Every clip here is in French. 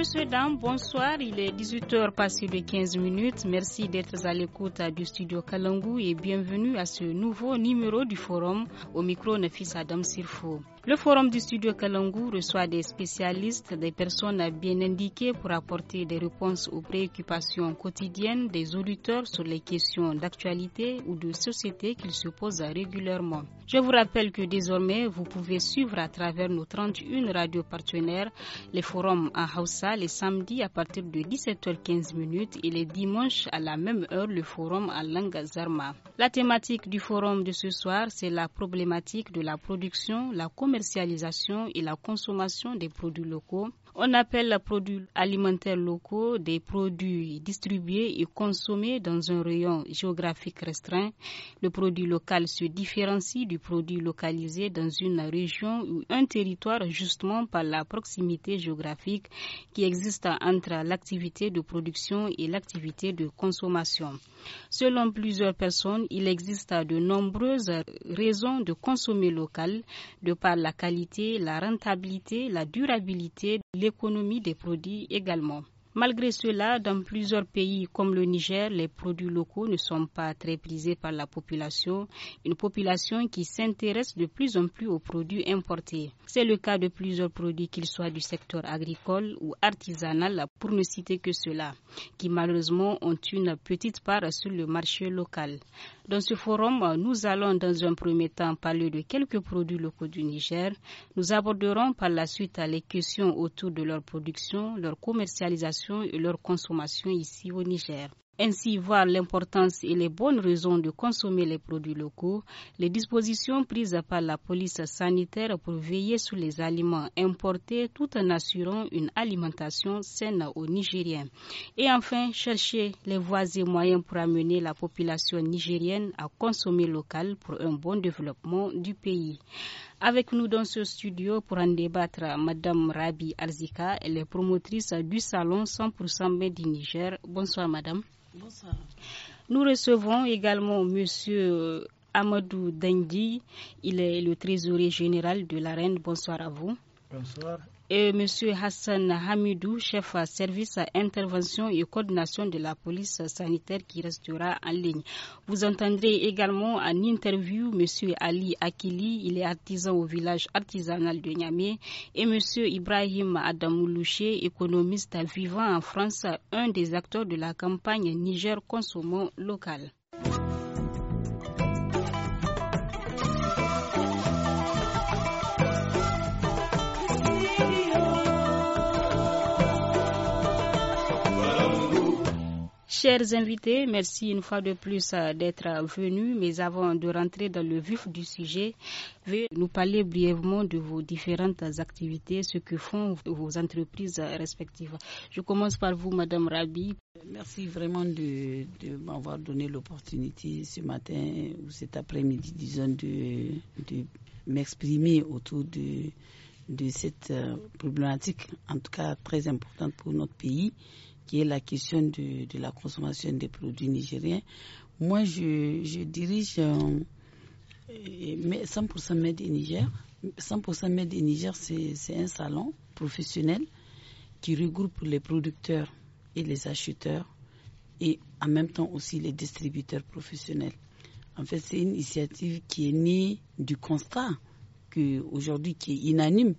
Monsieur, Dam, bonsoir. Il est 18h passé de 15 minutes. Merci d'être à l'écoute du studio Kalangou et bienvenue à ce nouveau numéro du forum. Au micro, Nefis Adam Sirfo. Le forum du studio Kalangu reçoit des spécialistes, des personnes bien indiquées pour apporter des réponses aux préoccupations quotidiennes des auditeurs sur les questions d'actualité ou de société qu'ils se posent régulièrement. Je vous rappelle que désormais, vous pouvez suivre à travers nos 31 radios partenaires les forums à Hausa les samedis à partir de 17h15 et les dimanches à la même heure le forum à Langazarma. La thématique du forum de ce soir, c'est la problématique de la production, la communication commercialisation et la consommation des produits locaux on appelle les produits alimentaires locaux des produits distribués et consommés dans un rayon géographique restreint. Le produit local se différencie du produit localisé dans une région ou un territoire justement par la proximité géographique qui existe entre l'activité de production et l'activité de consommation. Selon plusieurs personnes, il existe de nombreuses raisons de consommer local de par la qualité, la rentabilité, la durabilité, les économie des produits également. Malgré cela, dans plusieurs pays comme le Niger, les produits locaux ne sont pas très prisés par la population, une population qui s'intéresse de plus en plus aux produits importés. C'est le cas de plusieurs produits, qu'ils soient du secteur agricole ou artisanal, pour ne citer que cela, qui malheureusement ont une petite part sur le marché local. Dans ce forum, nous allons dans un premier temps parler de quelques produits locaux du Niger. Nous aborderons par la suite les questions autour de leur production, leur commercialisation, et leur consommation ici au Niger. Ainsi voir l'importance et les bonnes raisons de consommer les produits locaux, les dispositions prises par la police sanitaire pour veiller sur les aliments importés tout en assurant une alimentation saine aux Nigériens. Et enfin, chercher les voies et moyens pour amener la population nigérienne à consommer local pour un bon développement du pays. Avec nous dans ce studio pour en débattre, Madame Rabi Arzika, elle est promotrice du salon 100% Made in Niger. Bonsoir, Madame. Bonsoir. Nous recevons également Monsieur Amadou Dendi. Il est le trésorier général de la Reine. Bonsoir à vous. Bonsoir et M. Hassan Hamidou, chef à service à intervention et coordination de la police sanitaire qui restera en ligne. Vous entendrez également en interview M. Ali Akili, il est artisan au village artisanal de Niamey, et M. Ibrahim Adamoulouché, économiste vivant en France, un des acteurs de la campagne Niger Consommant Local. Chers invités, merci une fois de plus euh, d'être euh, venus. Mais avant de rentrer dans le vif du sujet, veuillez nous parler brièvement de vos différentes activités, ce que font vos entreprises euh, respectives. Je commence par vous, Madame Rabi. Merci vraiment de, m'avoir donné l'opportunité ce matin ou cet après-midi, disons, de, m'exprimer autour de cette problématique, en tout cas très importante pour notre pays qui est la question de, la consommation des produits nigériens, moi, je, dirige euh, 100% Made in Niger. 100% Made in Niger, c'est un salon professionnel qui regroupe les producteurs et les acheteurs et en même temps aussi les distributeurs professionnels. En fait, c'est une initiative qui est née du constat qu'aujourd'hui qui est inanime,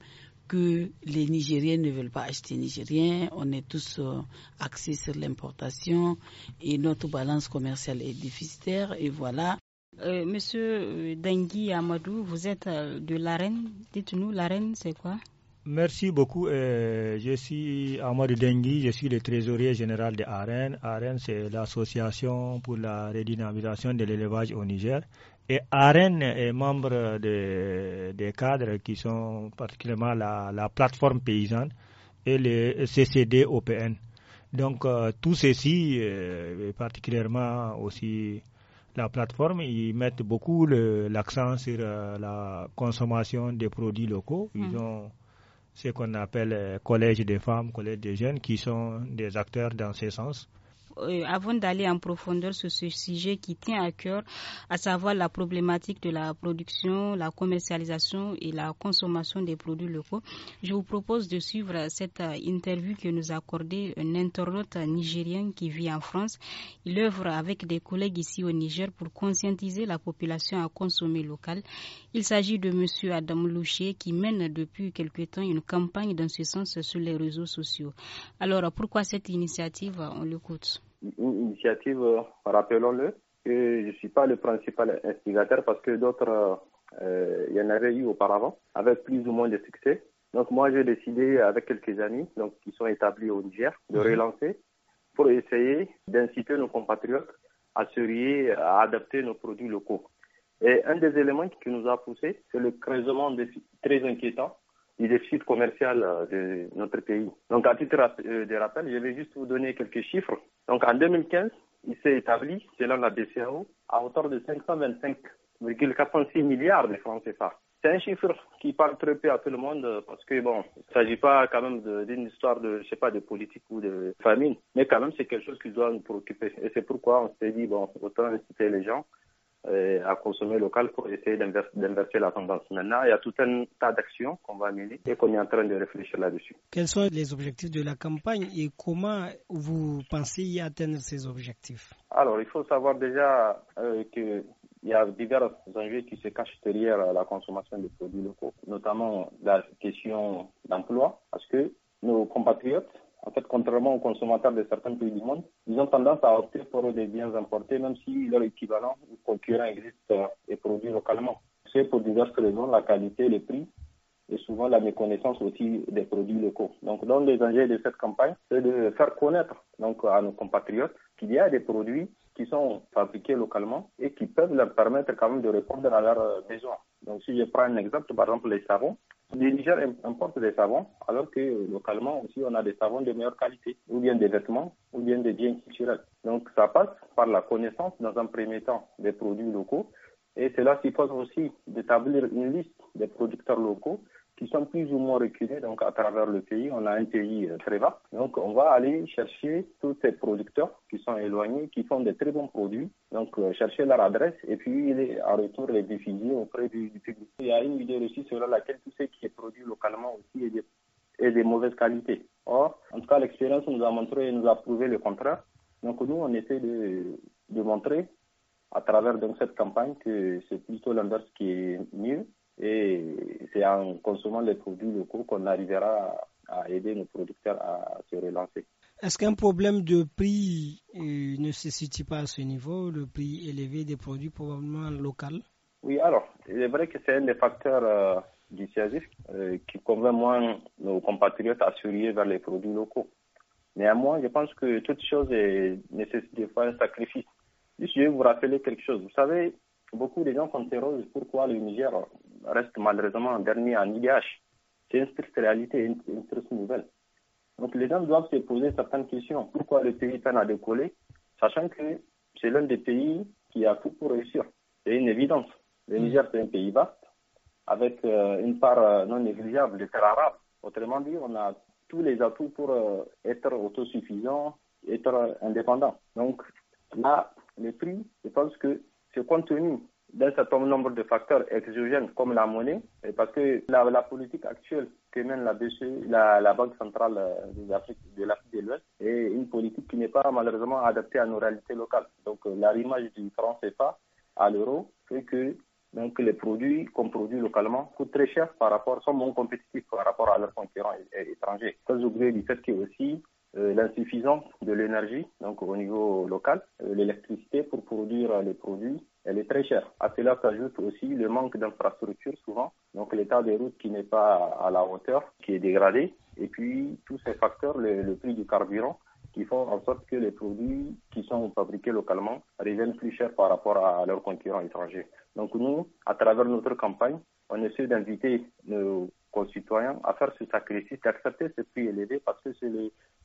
que les Nigériens ne veulent pas acheter Nigérien, On est tous euh, axés sur l'importation et notre balance commerciale est déficitaire. Et voilà. Euh, monsieur euh, Dengui Amadou, vous êtes euh, de l'AREN. Dites-nous, l'AREN, c'est quoi Merci beaucoup. je suis Amadou Dengui, je suis le trésorier général de l'AREN, l'AREN c'est l'association pour la redynamisation de l'élevage au Niger. Et AREN est membre des cadres qui sont particulièrement la, plateforme paysanne et le CCD OPN. Donc euh, tout ceci, euh, particulièrement aussi la plateforme, ils mettent beaucoup l'accent sur euh, la consommation des produits locaux. Ils mm. ont ce qu'on appelle collège des femmes, collège des jeunes, qui sont des acteurs dans ce sens. Euh, avant d'aller en profondeur sur ce sujet qui tient à cœur, à savoir la problématique de la production, la commercialisation et la consommation des produits locaux, je vous propose de suivre cette euh, interview que nous a accordée un internaute nigérien qui vit en France. Il œuvre avec des collègues ici au Niger pour conscientiser la population à consommer local. Il s'agit de M. Adam Loucher qui mène depuis quelque temps une campagne dans ce sens sur les réseaux sociaux. Alors pourquoi cette initiative On l'écoute. Une initiative, euh, rappelons-le, je ne suis pas le principal instigateur parce que d'autres, euh, euh, il y en avait eu auparavant, avec plus ou moins de succès. Donc moi, j'ai décidé avec quelques amis donc, qui sont établis au Niger de mhm. relancer pour essayer d'inciter nos compatriotes à se rier, à adapter nos produits locaux. Et un des éléments qui nous a poussé, c'est le creusement des, très inquiétant du déficit commercial euh, de notre pays. Donc, à titre euh, de rappel, je vais juste vous donner quelques chiffres. Donc, en 2015, il s'est établi, selon la BCAO, à hauteur de 525,46 milliards de francs CFA. C'est un chiffre qui parle très peu à tout le monde euh, parce que bon, il ne s'agit pas quand même d'une histoire de, je sais pas, de politique ou de famine, mais quand même c'est quelque chose qui doit nous préoccuper. Et c'est pourquoi on s'est dit bon, autant inciter les gens euh, à consommer local pour essayer d'inverser la tendance. Maintenant, il y a tout un tas d'actions qu'on va mener et qu'on est en train de réfléchir là-dessus. Quels sont les objectifs de la campagne et comment vous pensez y atteindre ces objectifs Alors, il faut savoir déjà qu'il euh, que il y a divers enjeux qui se cachent derrière euh, la consommation de produits locaux, notamment la question d'emploi, parce que nos compatriotes en fait, contrairement aux consommateurs de certains pays du monde, ils ont tendance à opter pour des biens importés, même si leur équivalent ou concurrent existe euh, et produit localement. C'est pour diverses raisons, la qualité, le prix et souvent la méconnaissance aussi des produits locaux. Donc, l'un des enjeux de cette campagne, c'est de faire connaître donc, à nos compatriotes qu'il y a des produits qui sont fabriqués localement et qui peuvent leur permettre quand même de répondre à leurs euh, besoins. Donc, si je prends un exemple, par exemple, les savons, les Niger importe des savons, alors que euh, localement aussi, on a des savons de meilleure qualité, ou bien des vêtements, ou bien des biens culturels. Donc, ça passe par la connaissance, dans un premier temps, des produits locaux. Et cela suppose aussi d'établir une liste des producteurs locaux qui sont plus ou moins reculés donc à travers le pays. On a un pays euh, très vaste. Donc on va aller chercher tous ces producteurs qui sont éloignés, qui font des très bons produits. Donc euh, chercher leur adresse et puis en retour les diffuser auprès du, public. Il y a une idée aussi selon laquelle tout ce qui est produit localement aussi est de mauvaise qualité. Or, en tout cas, l'expérience nous a montré et nous a prouvé le contraire. Donc nous, on essaie de, montrer à travers donc, cette campagne que c'est plutôt l'inverse qui est mieux et c'est en consommant les produits locaux qu'on arrivera à aider nos producteurs à se relancer. Est-ce qu'un problème de prix euh, ne se situe pas à ce niveau, le prix élevé des produits probablement locaux Oui, alors, il est vrai que c'est un des facteurs euh, euh, qui convainc moins nos compatriotes à se vers les produits locaux. Néanmoins, je pense que toute chose nécessite de faire un sacrifice. je vais vous rappeler quelque chose. Vous savez, beaucoup de gens s'interrogent pourquoi le Niger reste malheureusement en dernier en IDH. C'est une triste réalité, une, nouvelle. Donc les gens doivent se poser certaines questions. Pourquoi le pays peine à décoller, sachant que c'est l'un des pays qui a tout pour réussir. C'est une évidence. Le mm. Niger, c'est un pays vaste, avec euh, une part euh, non négligeable de terres arabes. Autrement dit, on a tous les atouts pour euh, être autosuffisant, être indépendant. Donc là, les prix, je pense que c'est contenu d'un certain nombre de facteurs exogènes comme la monnaie, parce que la, la politique actuelle que mène la BCE, la, Banque centrale euh, de l'Afrique de l'Ouest, est une politique qui n'est pas malheureusement adaptée à nos réalités locales. Donc euh, l'arrimage du franc CFA à l'euro fait que donc les produits qu'on produit localement coûtent très cher par rapport, sont moins compétitifs par rapport à leurs concurrents étrangers. Sans oublier du fait qu'il y a aussi euh, l'insuffisance de l'énergie, donc au niveau local, l'électricité pour produire les produits elle est très chère. À cela s'ajoute aussi le manque d'infrastructures souvent, donc l'état des routes qui n'est pas à la hauteur, qui est dégradé, et puis tous ces facteurs, le, prix du carburant, qui font en sorte que les produits qui sont fabriqués localement reviennent plus chers par rapport à leurs concurrents étrangers. Donc nous, à travers notre campagne, on essaie d'inviter nos concitoyens à faire ce sacrifice, d'accepter ce prix élevé parce que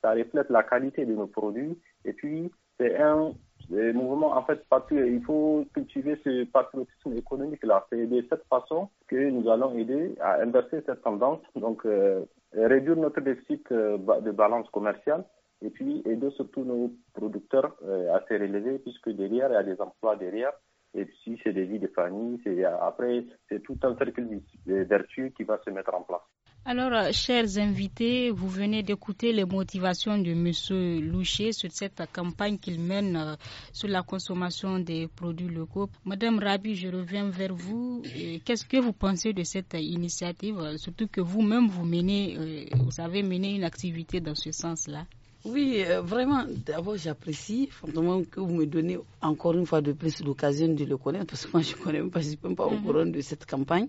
ça reflète la qualité de nos produits et puis c'est un les mouvements, en fait, il faut cultiver ce patriotisme économique-là. C'est de cette façon que nous allons aider à inverser cette tendance, donc euh, réduire notre déficit euh, de balance commerciale et puis aider surtout nos producteurs euh, à se relever puisque derrière, il y a des emplois derrière. Et puis, c'est des vies de famille. Après, c'est tout un cercle vertus qui va se mettre en place. Alors, euh, chers invités, vous venez d'écouter les motivations de M. Loucher sur cette campagne qu'il mène euh, sur la consommation des produits locaux. Madame Rabi, je reviens vers vous. Qu'est-ce que vous pensez de cette initiative, euh, surtout que vous-même, vous menez, vous avez mené une activité dans ce sens-là oui, vraiment, d'abord, j'apprécie fortement que vous me donnez encore une fois de plus l'occasion de le connaître, parce que moi, je ne connais pas au mhm. courant de cette campagne.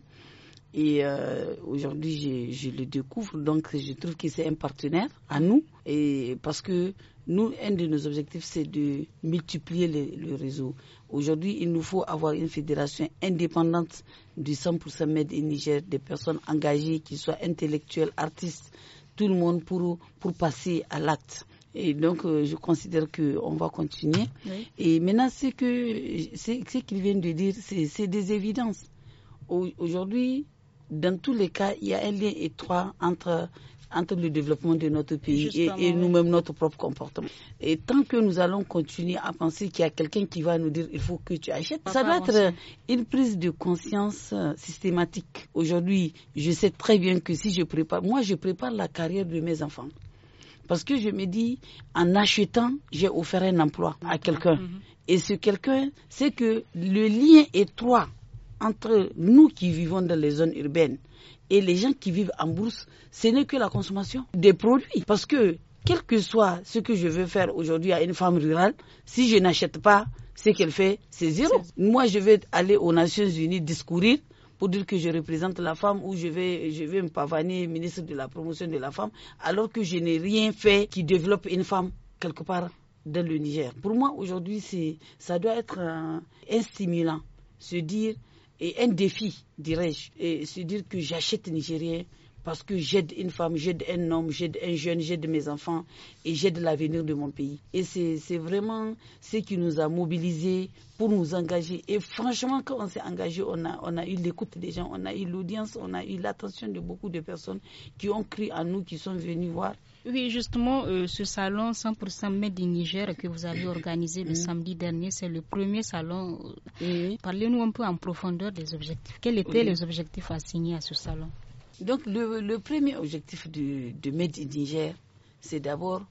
Et euh, aujourd'hui, je, le découvre. Donc, je trouve que c'est un partenaire à nous. Et parce que nous, un de nos objectifs, c'est de multiplier le, réseau. Aujourd'hui, il nous faut avoir une fédération indépendante du 100% Med et Niger, des personnes engagées, qui soient intellectuelles, artistes, tout le monde pour, pour passer à l'acte. Et donc, euh, je considère qu'on va continuer. Et maintenant, ce qu'ils viennent de dire, c'est des évidences. Aujourd'hui, dans tous les cas, il y a un lien étroit entre entre le développement de notre pays et, nous-mêmes notre propre comportement. Et tant que nous allons continuer à penser qu'il y a quelqu'un qui va nous dire il faut que tu achètes, ça doit être une prise de conscience euh, systématique. Aujourd'hui, je sais très bien que si je prépare, moi je prépare la carrière de mes enfants. Parce que je me dis, en achetant, j'ai offert un emploi à quelqu'un. Mhm. Et ce quelqu'un, c'est que le lien étroit entre nous qui vivons dans les zones urbaines et les gens qui vivent en bourse, ce n'est que la consommation des produits. Parce que, quel que soit ce que je veux faire aujourd'hui à une femme rurale, si je n'achète pas ce qu'elle fait, c'est zéro. Moi, je vais aller aux Nations Unies discourir pour dire que je représente la femme ou je vais, je vais me pavaner ministre de la promotion de la femme, alors que je n'ai rien fait qui développe une femme quelque part dans le Niger. Pour moi, aujourd'hui, ça doit être un, un stimulant. Se dire, et un défi, dirais-je. C'est dire que j'achète nigérien parce que j'aide une femme, j'aide un homme, j'aide un jeune, j'aide mes enfants et j'aide l'avenir de mon pays. Et c'est vraiment ce qui nous a mobilisés pour nous engager. Et franchement, quand on s'est engagé, on a, on a eu l'écoute des gens, on a eu l'audience, on a eu l'attention de beaucoup de personnes qui ont cru à nous, qui sont venues voir oui, justement, euh, ce salon 100% Made Niger que vous avez organisé le mm. samedi dernier, c'est le premier salon. Euh, parlez-nous un peu en profondeur des objectifs. Quels étaient les objectifs assignés à ce salon Donc, le, premier objectif de, de Niger, c'est d'abord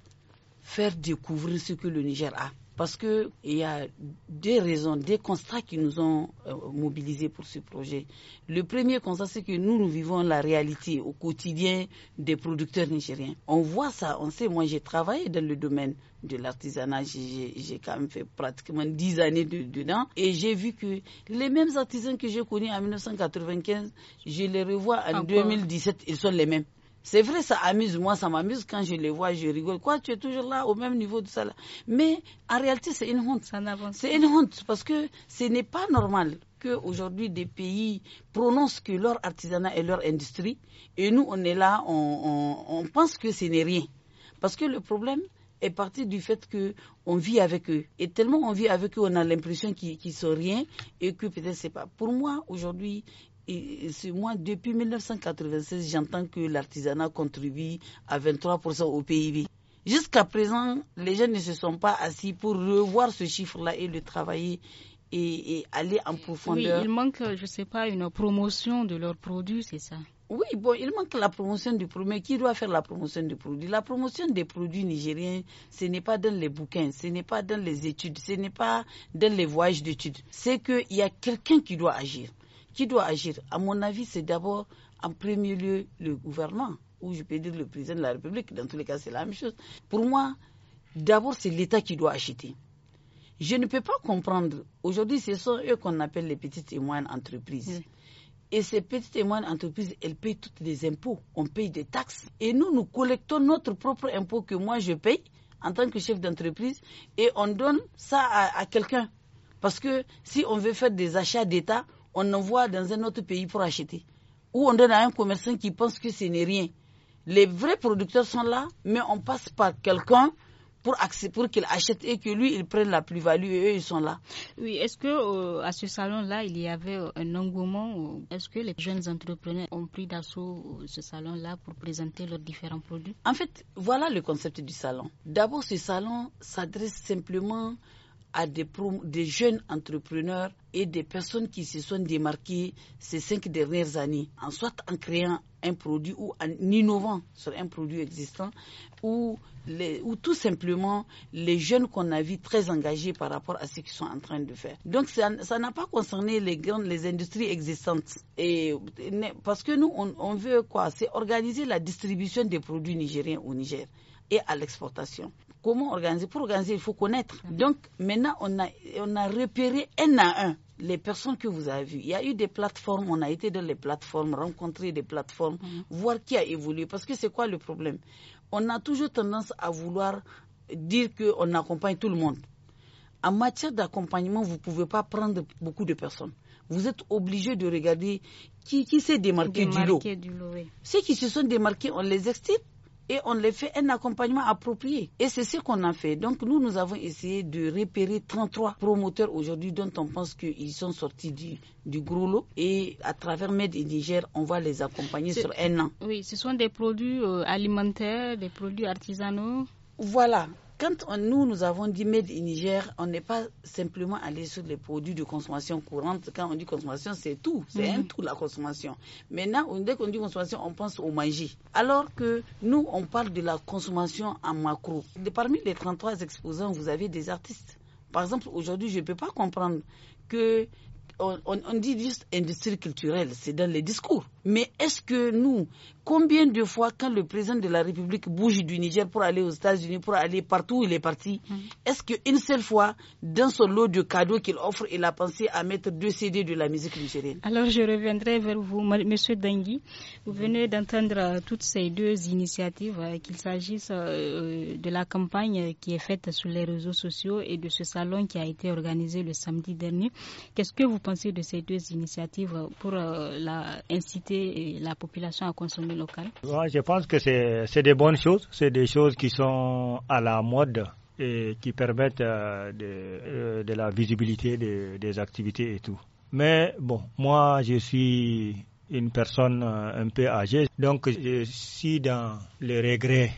faire découvrir ce que le Niger a. Parce que il y a deux raisons, deux constats qui nous ont euh, mobilisés pour ce projet. Le premier constat, c'est que nous, nous vivons la réalité au quotidien des producteurs nigériens. On voit ça, on sait, moi j'ai travaillé dans le domaine de l'artisanat, j'ai quand même fait pratiquement dix années dedans et j'ai vu que les mêmes artisans que j'ai connus en 1995, je les revois en 2017, ils sont les mêmes. C'est vrai, ça amuse. Moi, ça m'amuse quand je les vois, je rigole. Quoi, tu es toujours là, au même niveau de ça. Mais en réalité, c'est une honte. C'est une honte parce que ce n'est pas normal qu'aujourd'hui des pays prononcent que leur artisanat est leur industrie et nous, on est là, on, pense que ce n'est rien. Parce que le problème, est parti du fait que on vit avec eux. Et tellement on vit avec eux, on a l'impression qu'ils ne sont rien et que peut-être c'est pas. Pour moi, aujourd'hui, et, moi, depuis 1996, j'entends que l'artisanat contribue à 23% au PIB. Jusqu'à présent, les gens ne se sont pas assis pour revoir ce chiffre-là et le travailler et, aller en profondeur. Oui, il manque, je ne sais pas, une promotion de leurs produits, c'est ça Oui, bon, il manque la promotion du produit. Qui doit faire la promotion du produit La promotion des produits nigériens, ce n'est pas dans les bouquins, ce n'est pas dans les études, ce n'est pas dans les voyages d'études. C'est qu'il y a quelqu'un qui doit agir. Qui doit agir À mon avis, c'est d'abord, en premier lieu, le gouvernement, ou je peux dire le président de la République. Dans tous les cas, c'est la même chose. Pour moi, d'abord, c'est l'État qui doit acheter. Je ne peux pas comprendre. Aujourd'hui, ce sont eux qu'on appelle les petites et moyennes entreprises. Et ces petites et moyennes entreprises, elles payent toutes les impôts. On paye des taxes. Et nous, nous collectons notre propre impôt que moi, je paye en tant que chef d'entreprise. Et on donne ça à quelqu'un. Parce que si on veut faire des achats d'État, on envoie dans un autre pays pour acheter. Ou on donne à un commerçant qui pense que ce n'est rien. Les vrais producteurs sont là, mais on passe par quelqu'un pour, qu'il achète et que lui, il prenne la plus-value et eux, ils sont là. Oui, est-ce que euh, à ce salon-là, il y avait euh, un engouement Est-ce que les jeunes entrepreneurs ont pris d'assaut euh, ce salon-là pour présenter leurs différents produits En fait, voilà le concept du salon. D'abord, ce salon s'adresse simplement à des, jeunes entrepreneurs et des personnes qui se sont démarquées ces cinq dernières années, en soit en créant un produit ou en innovant sur un produit existant, ou, tout simplement les jeunes qu'on a vus très engagés par rapport à ce qu'ils sont en train de faire. Donc ça n'a pas concerné les grandes, les industries existantes. Et, parce que nous, on veut quoi C'est organiser la distribution des produits nigériens au Niger et à l'exportation comment organiser Pour organiser, il faut connaître. Mhm. Donc maintenant, on a, on a repéré un à un les personnes que vous avez vues. Il y a eu des plateformes, on a été dans les plateformes, rencontrer des plateformes, mhm. voir qui a évolué. Parce que c'est quoi le problème On a toujours tendance à vouloir dire qu'on accompagne tout le monde. En matière d'accompagnement, vous ne pouvez pas prendre beaucoup de personnes. Vous êtes obligé de regarder qui, qui s'est démarqué, du lot. Ceux qui se sont démarqués, on les extirpe et on les fait un accompagnement approprié. Et c'est ce qu'on a fait. Donc nous, nous avons essayé de repérer 33 promoteurs aujourd'hui dont on pense qu'ils sont sortis du, du gros lot. Et à travers Med Niger, on va les accompagner sur un an. Oui, ce sont des produits euh, alimentaires, des produits artisanaux. Voilà, quand on, nous, nous avons dit Made in Niger, on n'est pas simplement allé sur les produits de consommation courante. Quand on dit consommation, c'est tout. C'est mhm. un tout, la consommation. Maintenant, dès qu'on dit consommation, on pense au magie. Alors que nous, on parle de la consommation en macro. parmi les 33 exposants, vous avez des artistes. Par exemple, aujourd'hui, je ne peux pas comprendre que on dit juste industrie culturelle, c'est dans les discours. Mais est-ce que nous, combien de fois quand le président de la République bouge du Niger pour aller aux États-Unis, pour aller partout où il est parti, mhm. est-ce qu'une seule fois, dans son lot de cadeaux qu'il offre, il a pensé à mettre deux CD de la musique nigérienne Alors je reviendrai vers vous, Monsieur Dangui. Vous venez d'entendre toutes ces deux initiatives, euh, qu'il s'agisse euh, euh, de la campagne qui est faite sur les réseaux sociaux et de ce salon qui a été organisé le samedi dernier. Qu'est-ce que vous pensez de ces deux initiatives pour la inciter la population à consommer local Je pense que c'est des bonnes choses, c'est des choses qui sont à la mode et qui permettent euh, de, euh, de, la visibilité des activités et tout. Mais bon, moi je suis une personne euh, un peu âgée, donc je suis dans le regret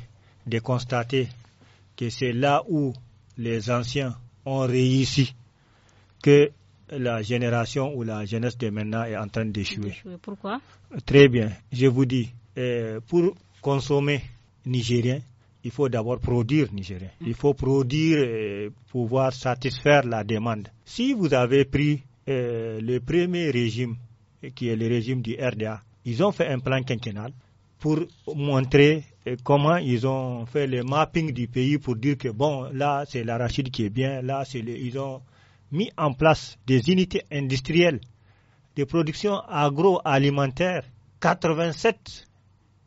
de constater que c'est là où les anciens ont réussi que la génération ou la jeunesse de maintenant est en train d'échouer. Pourquoi Très bien. Je vous dis, euh, pour consommer nigérien, il faut d'abord produire nigérien. Mm. Il faut produire pour euh, pouvoir satisfaire la demande. Si vous avez pris euh, le premier régime, qui est le régime du RDA, ils ont fait un plan quinquennal pour montrer comment ils ont fait le mapping du pays pour dire que bon, là c'est l'arachide qui est bien, là c'est le, ils ont mis en place des unités industrielles de production agroalimentaire, 87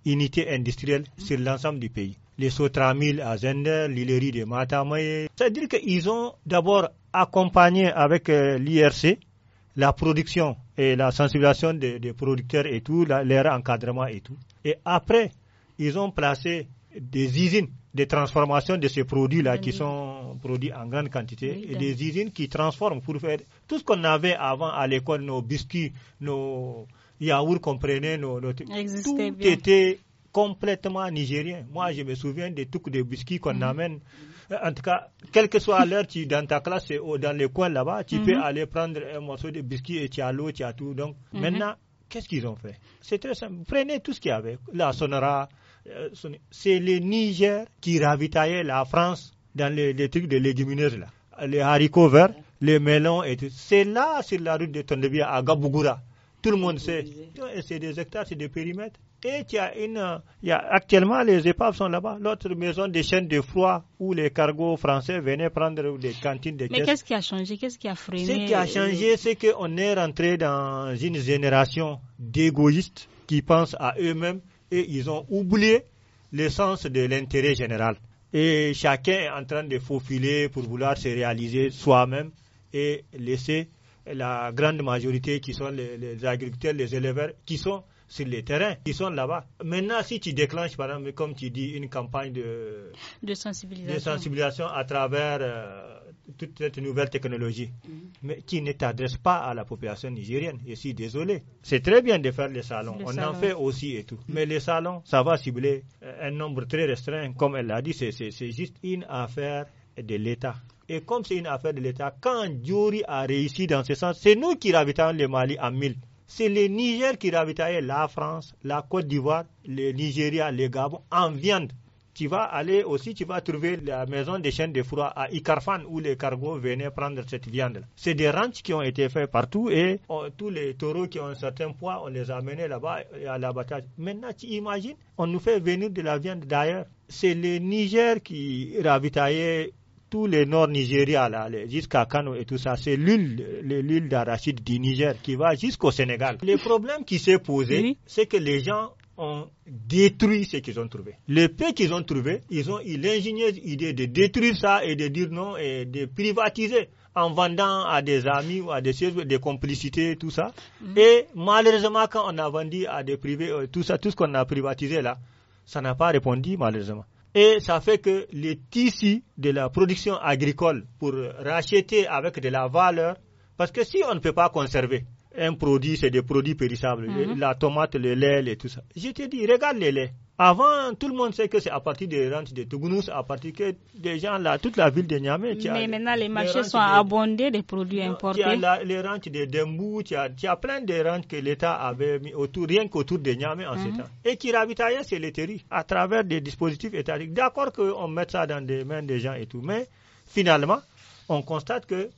unités industrielles sur l'ensemble du pays. Les Sotramil à Zender, l'Ilerie de Matamaye. C'est-à-dire qu'ils ont d'abord accompagné avec euh, l'IRC la production et la sensibilisation des, producteurs et tout, leur encadrement et tout. Et après, ils ont placé des usines des transformations de ces produits-là qui mm-hmm. sont produits en grande quantité et des usines qui transforment pour faire tout ce qu'on avait avant à l'école, nos biscuits, nos yaourts qu'on prenait, nos, nos tout était complètement nigérien. Moi, je me souviens des trucs de biscuits qu'on mm-hmm. amène. Euh, en tout cas, quelle que soit l'heure, tu dans ta classe ou dans les là-bas, tu mm-hmm. peux aller prendre un morceau de biscuit et tu as l'eau, tu as tout. Donc, maintenant, qu'est-ce qu'ils ont fait C'est très simple. Prenez tout ce qu'il y avait, la sonora, euh, c'est le Niger qui ravitaillait la France dans les, trucs de légumineuses là. Les haricots verts, les melons et C'est là, sur la route de Tondebia, à Gabougura. Tout le monde sait. C'est des hectares, c'est des périmètres. Et il y a actuellement, les épaves sont là-bas. L'autre maison des chaînes de froid où les cargos français venaient prendre des cantines de Mais qu'est-ce qui a changé Qu'est-ce qui a freiné Ce qui a changé, c'est qu'on est rentré dans une génération d'égoïstes qui pensent à eux-mêmes et ils ont oublié l'essence de l'intérêt général. Et chacun est en train de faufiler pour vouloir se réaliser soi-même et laisser la grande majorité qui sont les, agriculteurs, les éleveurs, qui sont sur les terrains, qui sont là-bas. Maintenant, si tu déclenches, par exemple, comme tu dis, une campagne de, de, sensibilisation. à travers... Euh, toute cette nouvelle technologie, mm-hmm. mais qui ne t'adresse pas à la population nigérienne. Et suis désolé. C'est très bien de faire les salons, on en fait aussi et tout. Mais les salons, ça va cibler euh, un nombre très restreint, comme elle l'a dit, c'est juste une affaire de l'État. Et comme c'est une affaire de l'État, quand Diori a réussi dans ce sens, c'est nous qui ravitaillons le Mali à mille. C'est le Niger qui ravitaillait la France, la Côte d'Ivoire, le Nigeria, le Gabon en viande tu vas aller aussi, tu vas trouver la maison des chaînes de froid à Icarfan où les cargos venaient prendre cette viande. C'est des ranchs qui ont été faits partout et tous les taureaux qui ont un certain poids, on les a amenés là-bas à l'abattage. Maintenant, tu imagines, on nous fait venir de la viande d'ailleurs. C'est le Niger qui ravitaillait tout le nord Nigéria, jusqu'à Kano et tout ça, c'est l'huile, d'arachide du Niger qui va jusqu'au Sénégal. Le problème qui s'est posé, c'est que les gens ont détruit ce qu'ils ont trouvé. Le peu qu'ils ont trouvé, ils ont eu l'ingénieuse idée de détruire ça et de dire non et de privatiser en vendant à des amis ou à des choses, des complicités, tout ça. Mm-hmm. Et malheureusement, quand on a vendu à des privés, euh, tout ça, tout ce qu'on a privatisé là, ça n'a pas répondu malheureusement. Et ça fait que les tissus de la production agricole pour racheter avec de la valeur, parce que si on ne peut pas conserver, un produit, c'est des produits périssables. Mhm. La tomate, le lait, et tout ça. Je te dis, regarde le lait. Avant, tout le monde sait que c'est à partir des rentes de Tougounous, à partir que des gens là, toute la ville de Niamey. Mais maintenant, les marchés sont abondés des produits importés. les rentes de Dembou, il y a plein de rentes que l'État avait mis autour, rien qu'autour de Niamey en ce mhm. temps. Et qui ravitaillait ces laiteries à travers des dispositifs étatiques. D'accord qu'on mette ça dans les mains des gens et tout, mais finalement, on constate que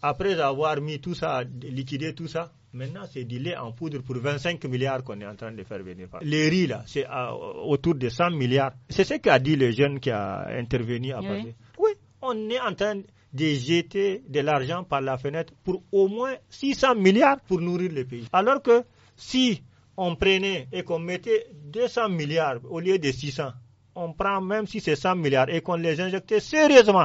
après avoir mis tout ça, liquidé tout ça, Maintenant, c'est du lait en poudre pour 25 milliards qu'on est en train de faire venir. Les riz, là, c'est euh, autour de 100 milliards. C'est ce qu'a dit le jeune qui a intervenu à Paris. Oui, on est en train de jeter de l'argent par la fenêtre pour au moins 600 milliards pour nourrir le pays. Alors que si on prenait et qu'on mettait 200 milliards au lieu de 600, on prend même si c'est 100 milliards et qu'on les injectait sérieusement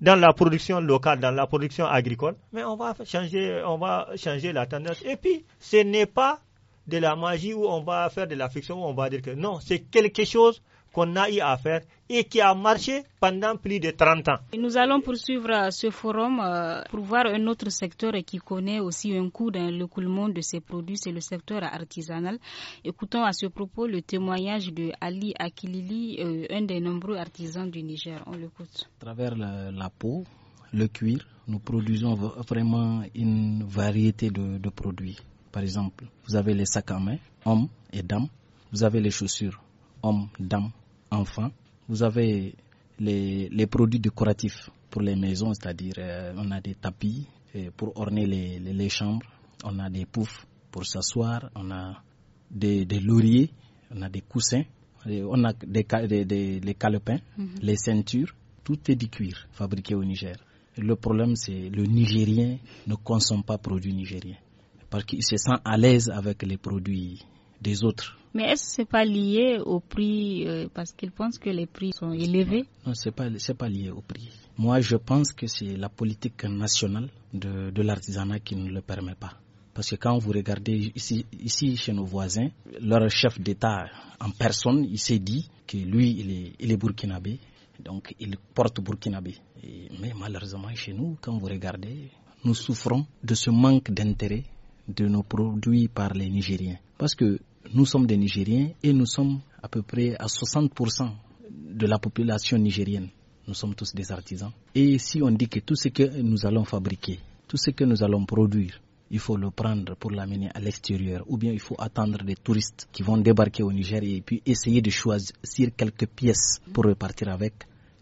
dans la production locale, dans la production agricole, mais on va changer, on va changer la tendance. Et puis, ce n'est pas de la magie où on va faire de la fiction, où on va dire que non, c'est quelque chose qu'on a eu à faire et qui a marché pendant plus de 30 ans. Nous allons poursuivre euh, ce forum euh, pour voir un autre secteur qui connaît aussi un coup dans coulement de ses produits, c'est le secteur artisanal. Écoutons à ce propos le témoignage de Ali Akilili, euh, un des nombreux artisans du Niger. On l'écoute. À travers la, peau, le cuir, nous produisons vraiment une variété de produits. Par exemple, vous avez les sacs à main, hommes et dames, vous avez les chaussures hommes, dames, enfants. Vous avez les, produits décoratifs pour les maisons, c'est-à-dire euh, on a des tapis euh, pour orner les, chambres, on a des poufs pour s'asseoir, on a des, lauriers, on a des coussins, euh, on a des, des, les calepins, mhm. les ceintures, tout est du cuir fabriqué au Niger. Le problème, c'est le Nigérien ne consomme pas produits nigériens parce qu'il se sent à l'aise avec les produits des autres. Mais est-ce que ce n'est pas lié au prix euh, parce qu'ils pensent que les prix sont élevés Non, ce n'est pas, pas lié au prix. Moi, je pense que c'est la politique nationale de, l'artisanat qui ne le permet pas. Parce que quand vous regardez ici, chez nos voisins, leur chef d'État en personne, il s'est dit que lui, il est, il est burkinabé, donc il porte burkinabé. mais malheureusement, chez nous, quand vous regardez, nous souffrons de ce manque d'intérêt de nos produits par les Nigériens. Parce que nous sommes des Nigériens et nous sommes à peu près à 60% de la population nigérienne. Nous sommes tous des artisans. Et si on dit que tout ce que nous allons fabriquer, tout ce que nous allons produire, il faut le prendre pour l'amener à l'extérieur ou bien il faut attendre des touristes qui vont débarquer au Niger et puis essayer de choisir quelques pièces pour repartir avec,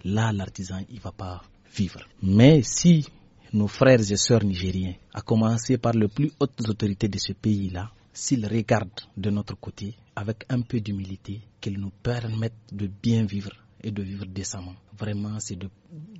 là l'artisan il va pas vivre. Mais si nos frères et sœurs nigériens, à commencer par les plus hautes autorités de ce pays-là, s'ils regardent de notre côté avec un peu d'humilité, qu'ils nous permettent de bien vivre et de vivre décemment. Vraiment, c'est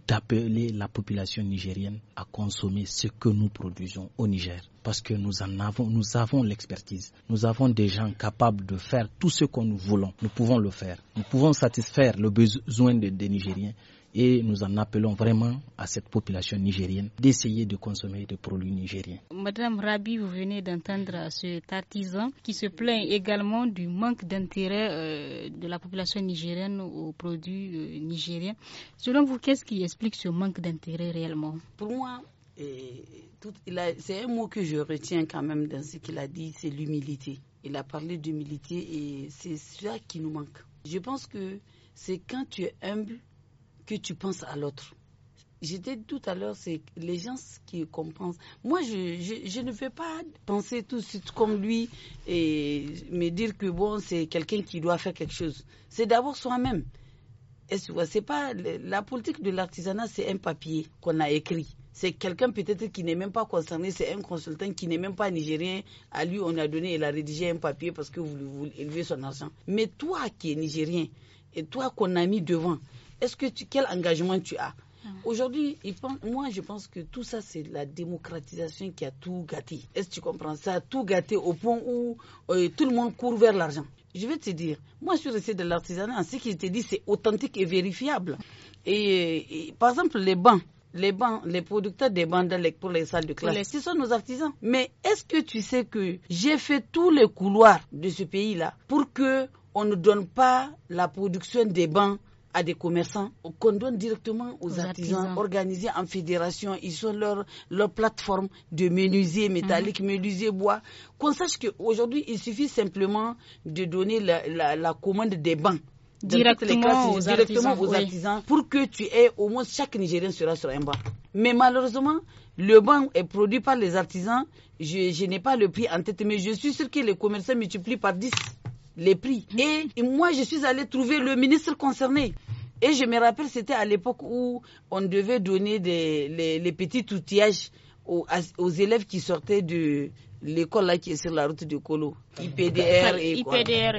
d'appeler la population nigérienne à consommer ce que nous produisons au Niger. Parce que nous en avons, nous avons l'expertise. Nous avons des gens capables de faire tout ce que nous voulons. Nous pouvons le faire. Nous pouvons satisfaire le besoin des Nigériens. Et nous en appelons vraiment à cette population nigérienne d'essayer de consommer des produits nigériens. Madame Rabi, vous venez d'entendre cet artisan qui se plaint également du manque d'intérêt euh, de la population nigérienne aux produits euh, nigériens. Selon vous, qu'est-ce qui explique ce manque d'intérêt réellement Pour moi, eh, c'est un mot que je retiens quand même dans ce qu'il a dit, c'est l'humilité. Il a parlé d'humilité et c'est cela qui nous manque. Je pense que c'est quand tu es humble que tu penses à l'autre. J'étais tout à l'heure, c'est les gens qui comprennent. Moi, je, ne vais pas penser tout de suite comme lui et me dire que bon, c'est quelqu'un qui doit faire quelque chose. C'est d'abord soi-même. pas la politique de l'artisanat, c'est un papier qu'on a écrit. C'est quelqu'un peut-être qui n'est même pas concerné, c'est un consultant qui n'est même pas nigérien. À lui, on a donné, il a rédigé un papier parce que vous voulez élever son argent. Mais toi qui es nigérien et toi qu'on a mis devant, est-ce que tu, quel engagement tu as ah. Aujourd'hui, moi, je pense que tout ça, c'est la démocratisation qui a tout gâté. Est-ce que tu comprends ça Tout gâté au point où euh, tout le monde court vers l'argent. Je vais te dire, moi, je suis resté de l'artisanat. Ce qu'il te dit, c'est authentique et vérifiable. Et, par exemple, les bancs. Les les producteurs des bancs pour les salles de classe, ce sont nos artisans. Mais est-ce que tu sais que j'ai fait tous les couloirs de ce pays-là pour que on ne donne pas la production des bancs à des commerçants, qu'on donne directement aux, artisans, organisés en fédération. Ils sont leur, leur plateforme de menuisier métallique, mmh. menuisier bois. Qu'on sache qu'aujourd'hui, il suffit simplement de donner la, commande des bancs directement, aux, artisans, pour que tu aies au moins chaque Nigérien sera sur un banc. Mais malheureusement, le banc est produit par les artisans. Je, je n'ai pas le prix en tête, mais je suis sûr que les commerçants multiplient par 10 les prix. Hmm. Et moi, je suis allée trouver le ministre concerné. Et je me rappelle, c'était à l'époque où on devait donner des, les, petits outillages aux, élèves qui sortaient de, l'école là qui est sur la route de Colo, IPDR et IPDR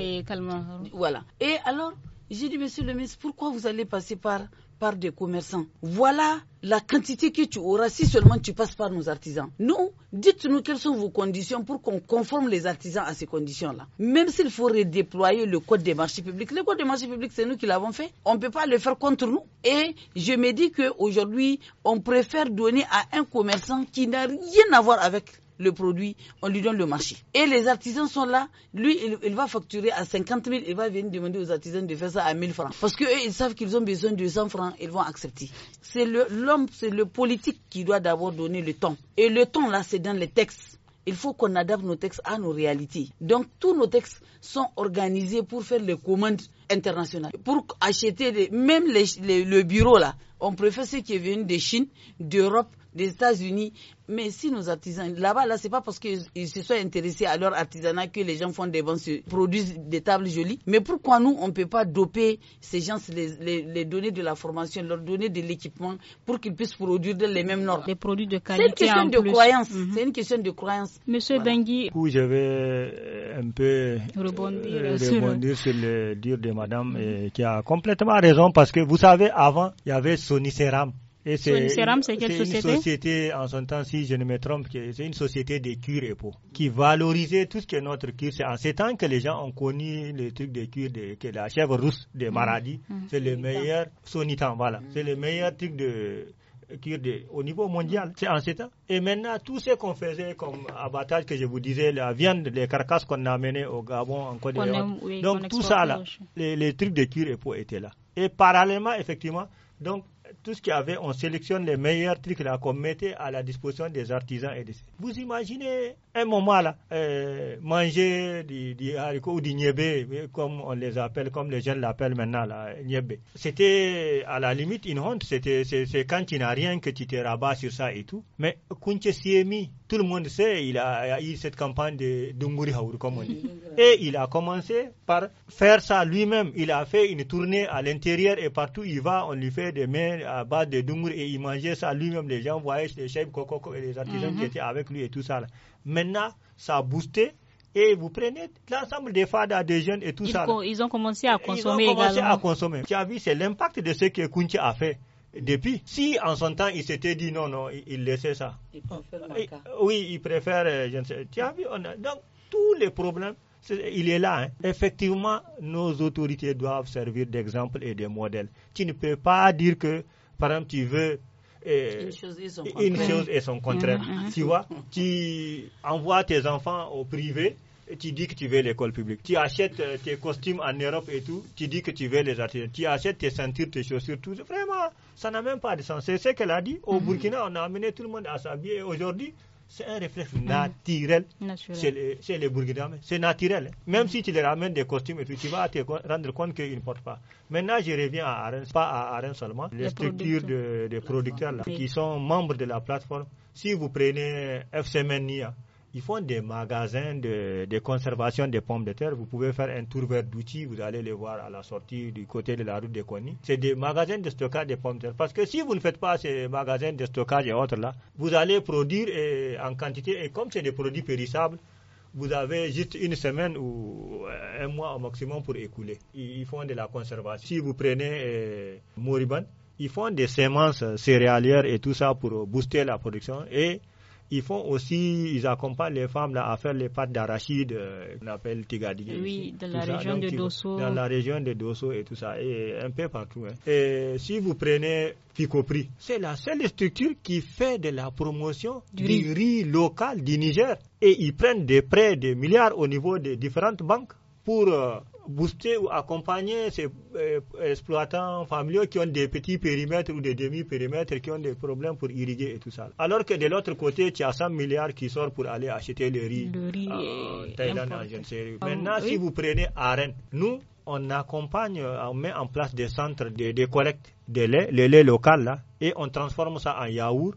Voilà. Et alors, j'ai dit, monsieur le ministre, pourquoi vous allez passer par, par des commerçants Voilà la quantité que tu auras si seulement tu passes par nos artisans. Nous, dites-nous quelles sont vos conditions pour qu'on conforme les artisans à ces conditions-là. Même s'il faut redéployer le code des marchés publics. Le code des marchés publics, c'est nous qui l'avons fait. On ne peut pas le faire contre nous. Et je me dis qu'aujourd'hui, on préfère donner à un commerçant qui n'a rien à voir avec le produit, on lui donne le marché. Et les artisans sont là, lui, il, va facturer à 50 000, il va venir demander aux artisans de faire ça à 1000 francs. Parce qu'eux, ils savent qu'ils ont besoin de 100 francs, ils vont accepter. C'est l'homme, c'est le politique qui doit d'abord donner le temps. Et le temps, là, c'est dans les textes. Il faut qu'on adapte nos textes à nos réalités. Donc tous nos textes sont organisés pour faire les commandes internationales, pour acheter même le bureau là. On préfère ce qui est de Chine, d'Europe, des États-Unis. Mais si nos artisans, là-bas, là, c'est pas parce qu'ils se sont intéressés à leur artisanat que les gens font des bons, produisent des tables jolies. Mais pourquoi nous, on peut pas doper ces gens, les, les, donner de la formation, leur donner de l'équipement pour qu'ils puissent produire les mêmes normes. produits de qualité. C'est une question de croyance. Mhm. C'est une question de croyance. Monsieur Bengui. je vais euh, un peu euh, rebondir, sur, le... dire de madame euh, qui a complètement raison parce que vous savez, avant, il y avait Sony Seram. Et c'est une société, en son temps, si je ne me trompe, c'est une société de cuir et peau qui valorisait tout ce que notre cuir. C'est en ces temps que les gens ont connu le truc de cuir, de, que la chèvre rousse de mm. Maradi, mm. c'est le meilleur sonitan, voilà. C'est le meilleur truc de au niveau mondial, c'est en ces temps. Et maintenant, tout ce qu'on faisait comme abattage, que je vous disais, la viande, les carcasses qu'on amenait au Gabon, en Côte d'Ivoire, donc tout ça là, les, les, trucs de cuir et peau étaient là. Et parallèlement, effectivement, donc tout ce qu'il y avait, on sélectionne les meilleurs trucs là qu'on mettait à la disposition des artisans et des... Vous imaginez un moment là, euh, manger du, haricot ou du niébé, euh, comme on les appelle, comme les jeunes l'appellent maintenant là, niébé. C'était à la limite une honte, c'était, c'est, quand tu n'as rien que tu te rabats sur ça et tout. Mais si Siemi, tout le monde sait, il a, eu cette campagne de, de haour comme on dit. Et il a commencé par faire ça lui-même. Il a fait une tournée à l'intérieur et partout il va, on lui fait des mains à base de Dumoury et il mangeait ça lui-même. Les gens voyaient les chefs, coco, et les artisans mm-hmm. qui étaient avec lui et tout ça. Maintenant, ça a boosté et vous prenez l'ensemble des fadas des jeunes et tout ils ça. Ils ont commencé à consommer. Ils ont commencé à consommer. Tu as vu, c'est l'impact de ce que Kunti a fait depuis. Si en son temps, il s'était dit non, non, il, laissait ça. oui, il préfère, euh, je ne sais. Tu as vu, donc tous les problèmes il est là. Hein. Effectivement, nos autorités doivent servir d'exemple et de modèle. Tu ne peux pas dire que, par exemple, tu veux euh, une, chose et, son contraire. Mm-hmm. Tu vois, tu envoies tes enfants au privé. tu dis que tu veux l'école publique. Tu achètes euh, tes costumes en Europe et tout. Tu dis que tu veux les Tu achètes tes ceintures, tes chaussures, tout. Vraiment, ça n'a même pas de sens. C'est ce qu'elle a dit. Au mm-hmm. Burkina, on a amené tout le monde à s'habiller. aujourd'hui, c'est un réflexe mm-hmm. naturel. C'est les, les C'est naturel. Hein. Même si tu les amènes des costumes et tu vas te rendre compte qu'ils ne portent pas. Maintenant, je reviens à Arens, pas à Arens seulement. Les, structures des producteurs qui sont membres de la plateforme. Si vous prenez FC ils font des magasins de, conservation des pommes de terre. Vous pouvez faire un tour vers d'outils vous allez les voir à la sortie du côté de la route de Koni. C'est des magasins de stockage des pommes de terre. Parce que si vous ne faites pas ces magasins de stockage et autres là, vous allez produire en quantité. Et comme c'est des produits périssables, vous avez juste une semaine ou euh, un mois au maximum pour écouler. Ils font de la conservation. Si vous prenez Moribane, euh, Moriban, ils font des semences céréalières et tout ça pour booster la production et ils font aussi, ils accompagnent les femmes là, à faire les pâtes d'arachide, euh, qu'on appelle tigadigé. Oui, dans la région de Dosso. Dans la région de Dosso et tout ça, et un peu partout. Hein. Et si vous prenez Ficopri, c'est la seule structure qui fait de la promotion du, riz. local du Niger. Et ils prennent des prêts, de milliards au niveau des différentes banques pour euh, booster ou accompagner ces euh, exploitants familiaux qui ont des petits périmètres ou des demi-périmètres qui ont des problèmes pour irriguer et tout ça. Alors que de l'autre côté, tu as 100 milliards qui sortent pour aller acheter le riz, euh, Thaïlande, en ah Maintenant, si vous prenez Rennes, nous, on accompagne, on met en place des centres de, collecte de lait, le lait local, là, et on transforme ça en yaourt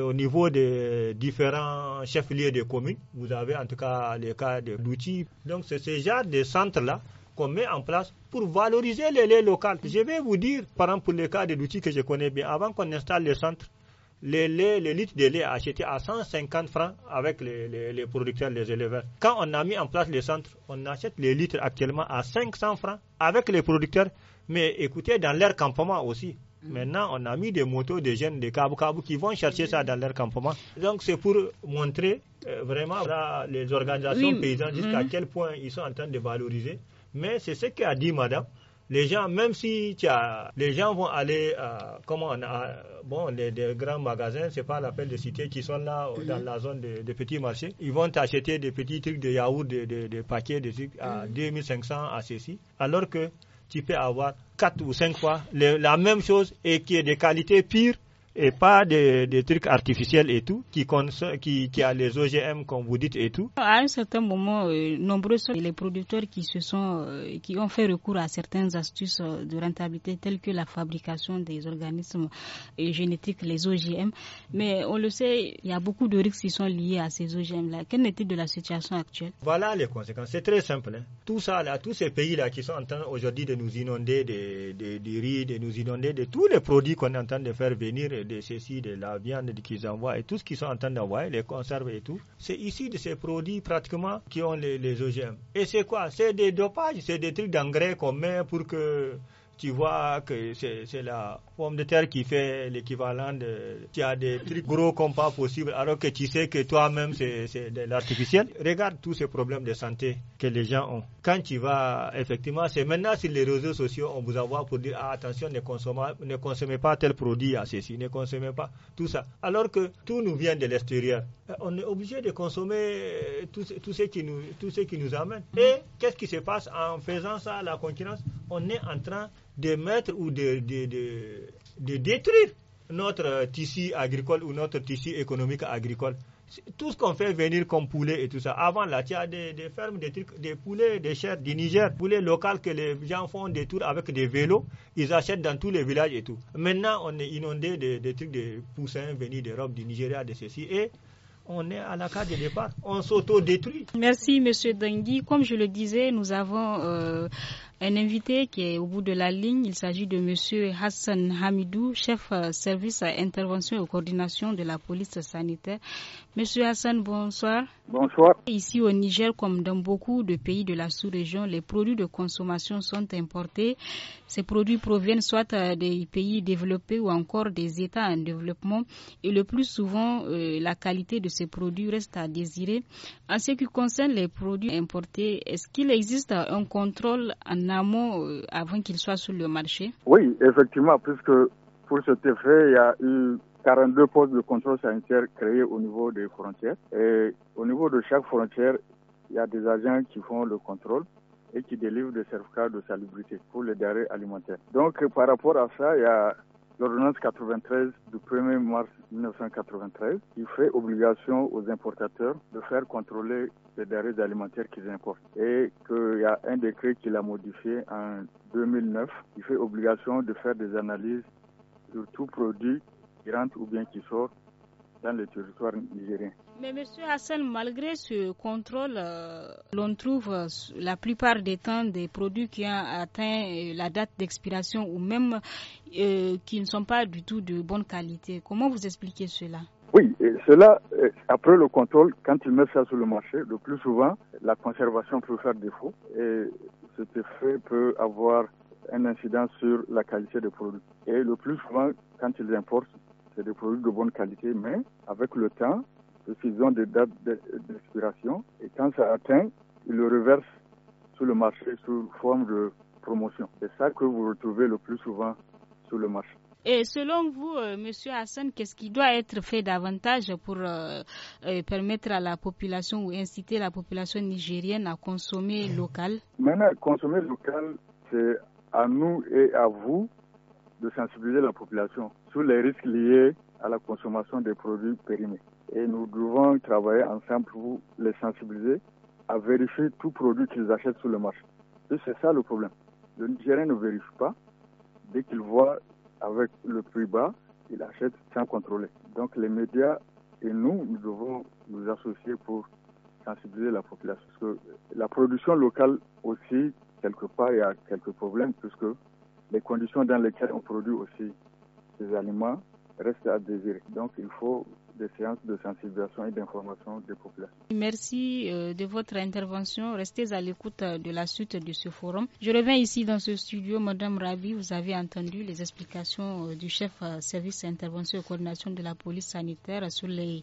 au niveau des différents chefs-lieux de communes. Vous avez en tout cas les cas de l'outil. Donc c'est ce genre de centres-là qu'on met en place pour valoriser les lait local. Je vais vous dire, par exemple, pour le cas de l'outil que je connais bien, avant qu'on installe le centre, les, laits, litres de lait achetés à 150 francs avec les, producteurs, les éleveurs. Quand on a mis en place les centres, on achète les litres actuellement à 500 francs avec les producteurs. Mais écoutez, dans leur campement aussi, Mm. Maintenant, on a mis des motos, des jeunes, des cabou qui vont chercher ça dans leur campement. Donc, c'est pour montrer euh, vraiment les organisations paysannes jusqu'à mm-hmm. quel point ils sont en train de valoriser. Mais c'est ce qu'a dit madame. Les gens, même si tu as, les gens vont aller, à euh, comment on a, bon, grands magasins, c'est pas l'appel de cité, qui sont là mm-hmm. dans la zone des petits marchés, ils vont t'acheter des petits trucs de yaourt, des de, de paquets, de trucs à 2500 mm-hmm. à ceci, alors que tu peux avoir quatre ou cinq fois la même chose et qui est de qualité pire et pas des, trucs artificiels et tout, qui, qui, qui a les OGM comme vous dites et tout. À un certain moment, euh, nombreux sont les producteurs qui se sont, euh, qui ont fait recours à certaines astuces euh, de rentabilité telles que la fabrication des organismes génétiques, les OGM. Mais on le sait, il y a beaucoup de risques qui sont liés à ces OGM-là. Quelle est-il de la situation actuelle Voilà les conséquences. C'est très simple. Hein. Tout ça tous ces pays-là qui sont en train aujourd'hui de nous inonder du riz, de nous inonder de tous les produits qu'on est en train de faire venir de ceci, de la viande qu'ils envoient et tout ce qu'ils sont en train d'envoyer, les conserves et tout, c'est ici de ces produits pratiquement qui ont les, les OGM. Et c'est quoi C'est des dopages, c'est des trucs d'engrais qu'on met pour que tu vois que c'est la forme de terre qui fait l'équivalent de... Tu as des trucs gros comme pas possible alors que tu sais que toi-même c'est de l'artificiel. Regarde tous ces problèmes de santé que les gens ont. Quand tu vas, effectivement, c'est maintenant sur les réseaux sociaux, on vous envoie pour dire ah, attention, ne consommez, pas tel produit à ah, ceci, ne consommez pas tout ça. Alors que tout nous vient de l'extérieur. Euh, on est obligé de consommer euh, tout, ce qui nous, tout ce qui nous amène. Et qu'est-ce qui se passe en faisant ça à la continence on est en train de mettre ou de, de, de, détruire notre tissu agricole ou notre tissu économique agricole. Tout ce qu'on fait venir comme poulet et tout ça. Avant, là, tu as des, fermes, des trucs, des poulets, des chèvres, du Niger, poulets locaux que les gens font des tours avec des vélos. Ils achètent dans tous les villages et tout. Maintenant, on est inondé de, des trucs de poussins venus d'Europe, du Nigeria, de ceci. Et on est à la carte de départ. On s'auto-détruit. Merci, Monsieur Dengui. Comme je le disais, nous avons. Euh, un invité qui est au bout de la ligne, il s'agit de M. Hassan Hamidou, chef euh, service à intervention et coordination de la police sanitaire. Monsieur Hassan, bonsoir. Bonsoir. Ici au Niger, comme dans beaucoup de pays de la sous-région, les produits de consommation sont importés. Ces produits proviennent soit euh, des pays développés ou encore des États en développement. Et le plus souvent, euh, la qualité de ces produits reste à désirer. En ce qui concerne les produits importés, est-ce qu'il existe un contrôle en euh, avant qu'il soit sur le marché Oui, effectivement, puisque pour cet effet, il y a eu 42 postes de contrôle sanitaire créés au niveau des frontières. Et au niveau de chaque frontière, il y a des agents qui font le contrôle et qui délivrent des certificats de salubrité pour les denrées alimentaires. Donc, par rapport à ça, il y a l'ordonnance 93 du 1er mars 1993 il fait obligation aux importateurs de faire contrôler les denrées alimentaires qu'ils importent et qu'il y a un décret qui l'a modifié en 2009 il fait obligation de faire des analyses sur tout produit qui rentre ou bien qui sort dans le territoire nigérien. Mais Monsieur Hassan, malgré ce contrôle, euh, l'on trouve euh, la plupart des temps des produits qui ont atteint euh, la date d'expiration ou même qui ne sont pas du tout de bonne qualité. Comment vous expliquez cela oui, cela, après le contrôle, quand ils mettent ça sur le marché, le plus souvent, la conservation peut faire défaut et cet effet peut avoir un incident sur la qualité des produits. Et le plus souvent, quand ils importent, c'est des produits de bonne qualité, mais avec le temps, ils ont des dates d'expiration et quand ça atteint, ils le reversent sur le marché sous forme de promotion. C'est ça que vous retrouvez le plus souvent sur le marché. Et selon vous, M. Euh, Monsieur Hassan, qu'est-ce qui doit être fait davantage pour euh, euh, permettre à la population ou inciter la population nigérienne à consommer local Maintenant, consommer local, c'est à nous et à vous de sensibiliser la population sur les risques liés à la consommation des produits périmés. Et nous devons travailler ensemble pour les sensibiliser à vérifier tout produit qu'ils achètent sur le marché. Et c'est ça le problème. Le Nigérien ne vérifie pas. Dès qu'il voit avec le prix bas, il achète sans contrôler. Donc les médias et nous, nous devons nous associer pour sensibiliser la population. Parce que la production locale aussi, quelque part, il y a quelques problèmes puisque les conditions dans lesquelles on produit aussi ces aliments restent à désirer. Donc il faut des séances de sensibilisation et d'information des populations. Merci euh, de votre intervention. Restez à l'écoute euh, de la suite de ce forum. Je reviens ici dans ce studio. Madame Rabi, vous avez entendu les explications euh, du chef service intervention et coordination de la police sanitaire sur les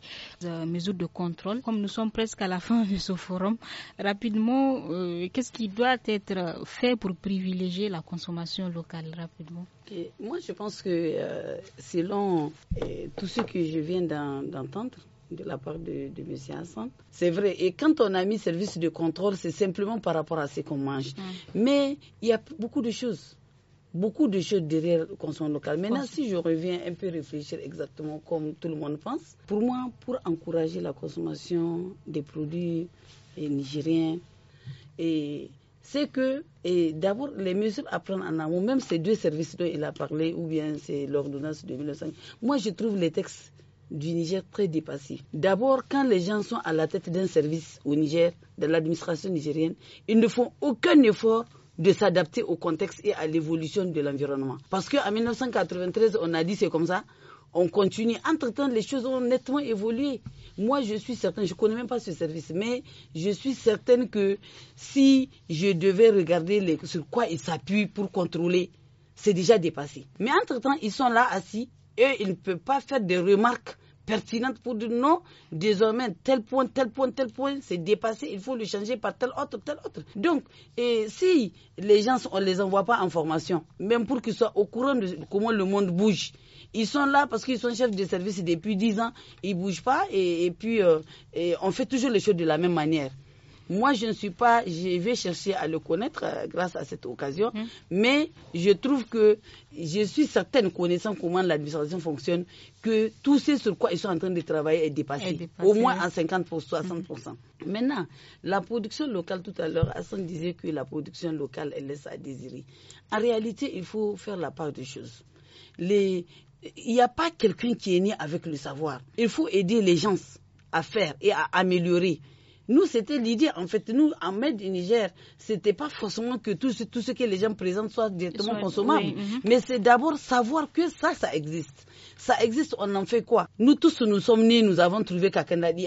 mesures de contrôle. Comme nous sommes presque à la fin de ce forum, rapidement, qu'est-ce qui doit être fait pour privilégier la consommation locale rapidement Moi, je pense que selon tout ce que je viens d'en d'entendre de la part de, M. Hassan. C'est vrai. Et quand on a mis service de contrôle, c'est simplement par rapport à ce qu'on mange. Mais il y a beaucoup de choses. Beaucoup de choses derrière le consommation local. Maintenant, si je reviens un peu réfléchir exactement comme tout le monde pense, pour moi, pour encourager la consommation des produits eh, nigériens, eh, c'est que eh, d'abord les mesures à prendre en amont, même ces deux services dont il a parlé, ou bien c'est l'ordonnance de 2005. Moi, je trouve les textes du Niger très dépassé. D'abord, quand les gens sont à la tête d'un service au Niger, de l'administration nigérienne, ils ne font aucun effort de s'adapter au contexte et à l'évolution de l'environnement. Parce qu'en 1993, on a dit c'est comme ça, on continue. Entre-temps, les choses ont nettement évolué. Moi, je suis certain je ne connais même pas ce service, mais je suis certaine que si je devais regarder sur quoi ils s'appuient pour contrôler, c'est déjà dépassé. Mais entre-temps, ils sont là assis et ils ne peuvent pas faire des remarques pertinente pour dire non, désormais, tel point, tel point, tel point, c'est dépassé, il faut le changer par tel autre, tel autre. Donc, si les gens, on ne les envoie pas en formation, même pour qu'ils soient au courant de comment le monde bouge, ils sont là parce qu'ils sont chefs de service depuis 10 ans, ils ne bougent pas et, puis euh, on fait toujours les choses de la même manière. Moi, je ne suis pas, je vais chercher à le connaître euh, grâce à cette occasion, mhm. mais je trouve que je suis certaine, connaissant comment l'administration fonctionne, que tout ce sur quoi ils sont en train de travailler est dépassé, au moins à 50 pour 60 mhm. Maintenant, la production locale, tout à l'heure, Hassan disait que la production locale, elle laisse à désirer. En réalité, il faut faire la part des choses. il n'y a pas quelqu'un qui est né avec le savoir. Il faut aider les gens à faire et à améliorer. Nous, c'était l'idée. En fait, nous, en du Niger, c'était pas forcément que tout ce, que les gens présentent soit directement consommable. Mhm. Mais c'est d'abord savoir que ça, ça existe. Ça existe, on en fait quoi Nous tous, nous sommes nés, nous avons trouvé est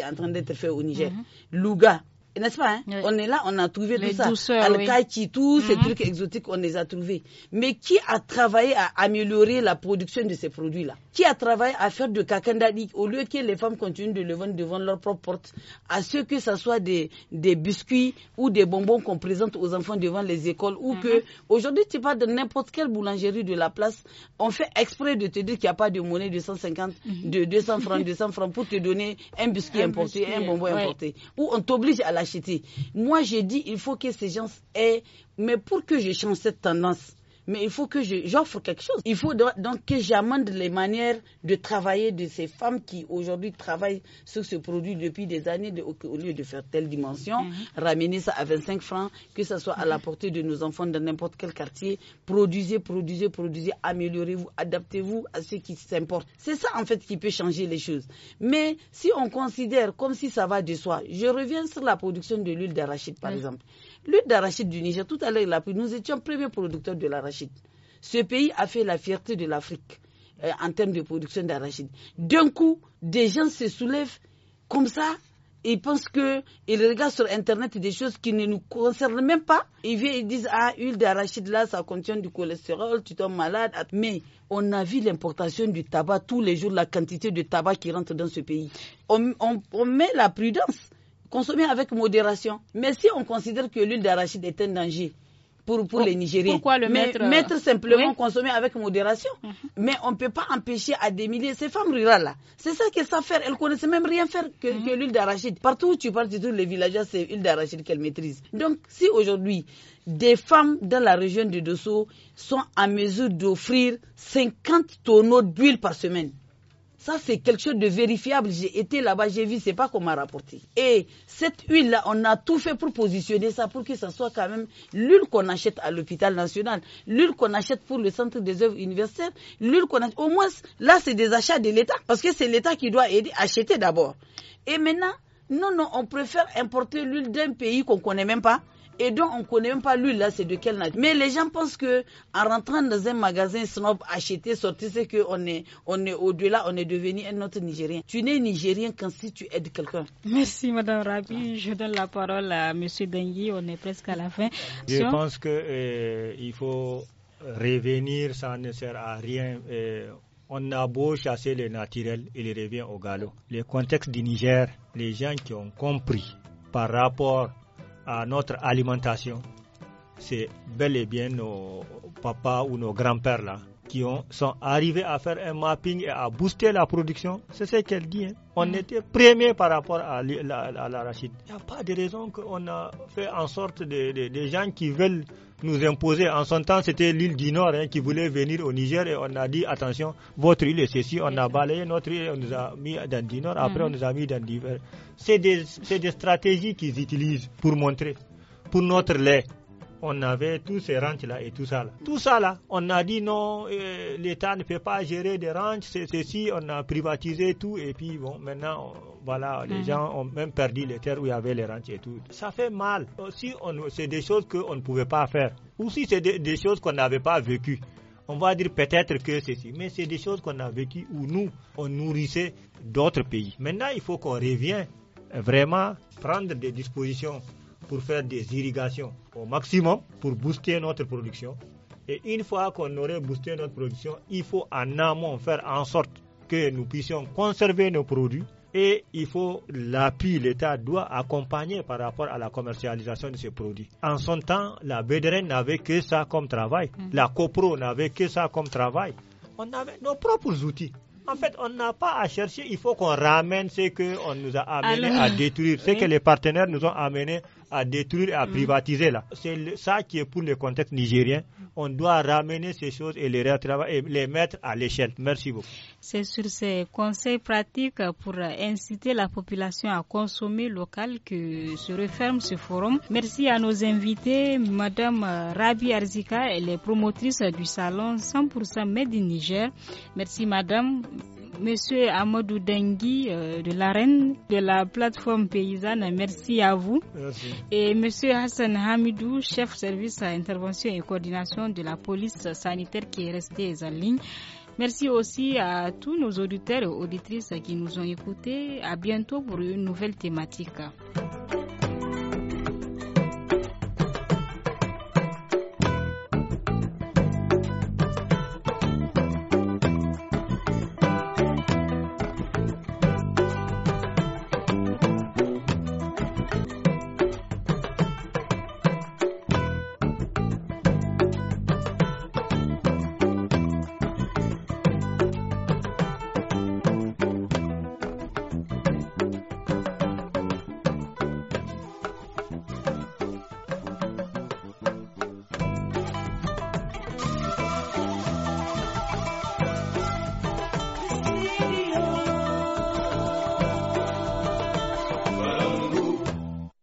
en train d'être fait au Niger. Mhm. Louga, n'est-ce pas hein? On est là, on a trouvé tout ça. Al-Kaki, tous ces mm-hmm. trucs exotiques, on les a trouvés. Mais qui a travaillé à améliorer la production de ces produits-là Qui a travaillé à faire de kakandali au lieu que les femmes continuent de le vendre devant leur propre porte, à ce que ce soit des, des biscuits ou des bonbons qu'on présente aux enfants devant les écoles ou que mm-hmm. aujourd'hui tu vas de n'importe quelle boulangerie de la place, on fait exprès de te dire qu'il n'y a pas de monnaie de 150, mm-hmm. de 200 francs, 200 francs pour te donner un biscuit importé, un bonbon importé. Ou on t'oblige à la moi, j'ai dit, il faut que ces gens aient, mais pour que je change cette tendance, mais il faut que j'offre quelque chose. Il faut donc que j'amende les manières de travailler de ces femmes qui aujourd'hui travaillent sur ce produit depuis des années, au lieu de faire telle dimension, mhm. ramener ça à 25 francs, que ça soit à la portée de nos enfants dans n'importe quel quartier. Produisez, produisez, produisez, améliorez-vous, adaptez-vous à ce qui s'importe. C'est ça en fait qui peut changer les choses. Mais si on considère comme si ça va de soi, je reviens sur la production de l'huile d'arachide par mhm. exemple. L'huile d'arachide du Niger, tout à l'heure, nous étions premiers producteurs de l'arachide. Ce pays a fait la fierté de l'Afrique euh, en termes de production d'arachide. D'un coup, des gens se soulèvent comme ça. Ils pensent que, ils regardent sur Internet des choses qui ne nous concernent même pas. Ils viennent, ils disent, ah, huile d'arachide là, ça contient du cholestérol, tu tombes malade. Ah, mais on a vu l'importation du tabac tous les jours, la quantité de tabac qui rentre dans ce pays. On, on, on met la prudence consommer avec modération. Mais si on considère que l'huile d'arachide est un danger pour, pour les Nigériens, pourquoi le euh, mettre, simplement consommer avec modération. Mhm. Mais on ne peut pas empêcher à des milliers ces femmes rurales-là. C'est ça qu'elles savent faire. Elles ne connaissent même rien faire mhm. que, l'huile d'arachide. Partout où tu parles, tu trouves les villageois, c'est l'huile d'arachide qu'elles maîtrisent. Donc si aujourd'hui, des femmes dans la région du Dosso sont en mesure d'offrir 50 tonneaux d'huile par semaine, ça, c'est quelque chose de vérifiable. J'ai été là-bas, j'ai vu, c'est pas qu'on m'a rapporté. Et cette huile-là, on a tout fait pour positionner ça, pour que ça soit quand même l'huile qu'on achète à l'hôpital national, l'huile qu'on achète pour le centre des œuvres universitaires, l'huile qu'on achète. Au moins, là, c'est des achats de l'État, parce que c'est l'État qui doit aider, acheter d'abord. Et maintenant, non, non, on préfère importer l'huile d'un pays qu'on connaît même pas et donc on ne connaît même pas lui, là, c'est de quelle nature. Mais les gens pensent que en rentrant dans un magasin snob, acheter, sortir, c'est qu'on est, on est au-delà, on est devenu un autre Nigérien. Tu n'es Nigérien qu'en si tu aides quelqu'un. Merci Madame Rabi, je donne la parole à Monsieur Dengui, on est presque à la fin. Je pense qu'il euh, faut revenir, ça ne sert à rien. Euh, on a beau chasser le naturel, il revient au galop. Le contexte du Niger, les gens qui ont compris par rapport à notre alimentation, c'est bel et bien nos papas ou nos grands-pères là qui ont, sont arrivés à faire un mapping et à booster la production. C'est ce qu'elle dit. Hein. On mm. était premier par rapport à, la La, Il n'y a pas de raison qu'on a fait en sorte des gens qui veulent nous imposer. En son temps, c'était l'île du Nord hein, qui voulait venir au Niger et on a dit attention, votre île est ceci. On a balayé notre île, on nous a mis dans du Nord, après mm. on nous a mis dans du C'est des, des stratégies qu'ils utilisent pour montrer, pour notre lait on avait tous ces ranchs-là et tout ça. Tout ça, là, on a dit non, euh, l'État ne peut pas gérer des ranchs, c'est ceci, on a privatisé tout, et puis bon, maintenant, voilà, les mhm. gens ont même perdu les terres où il y avait les ranchs et tout. Ça fait mal. c'est des choses qu'on ne pouvait pas faire, ou si c'est des, choses qu'on n'avait pas vécues on va dire peut-être que ceci, mais c'est des choses qu'on a vécues où nous, on nourrissait d'autres pays. Maintenant, il faut qu'on revienne vraiment prendre des dispositions pour faire des irrigations au maximum pour booster notre production. Et une fois qu'on aurait boosté notre production, il faut en amont faire en sorte que nous puissions conserver nos produits et il faut l'appui, l'État doit accompagner par rapport à la commercialisation de ces produits. En son temps, la Bédrine n'avait que ça comme travail, mm. la CoPro n'avait que ça comme travail. On avait nos propres outils. En fait, on n'a pas à chercher, il faut qu'on ramène ce qu'on nous a amené à détruire, ce que les partenaires nous ont amené à détruire et à mm. privatiser là. C'est ça qui est pour le contexte nigérien. On doit ramener ces choses et les, et les mettre à l'échelle. Merci beaucoup. C'est sur ces conseils pratiques pour inciter la population à consommer local que se referme ce forum. Merci à nos invités, Madame Rabi Arzika, elle est promotrice du salon 100% Made in Niger. Merci Madame. Monsieur Amadou Dengui euh, de l'AREN, de la plateforme paysanne, merci à vous. Et Monsieur Hassan Hamidou, chef service à intervention et coordination de la police sanitaire qui est restée en ligne. Merci aussi à tous nos auditeurs et auditrices qui nous ont écoutés. À bientôt pour une nouvelle thématique.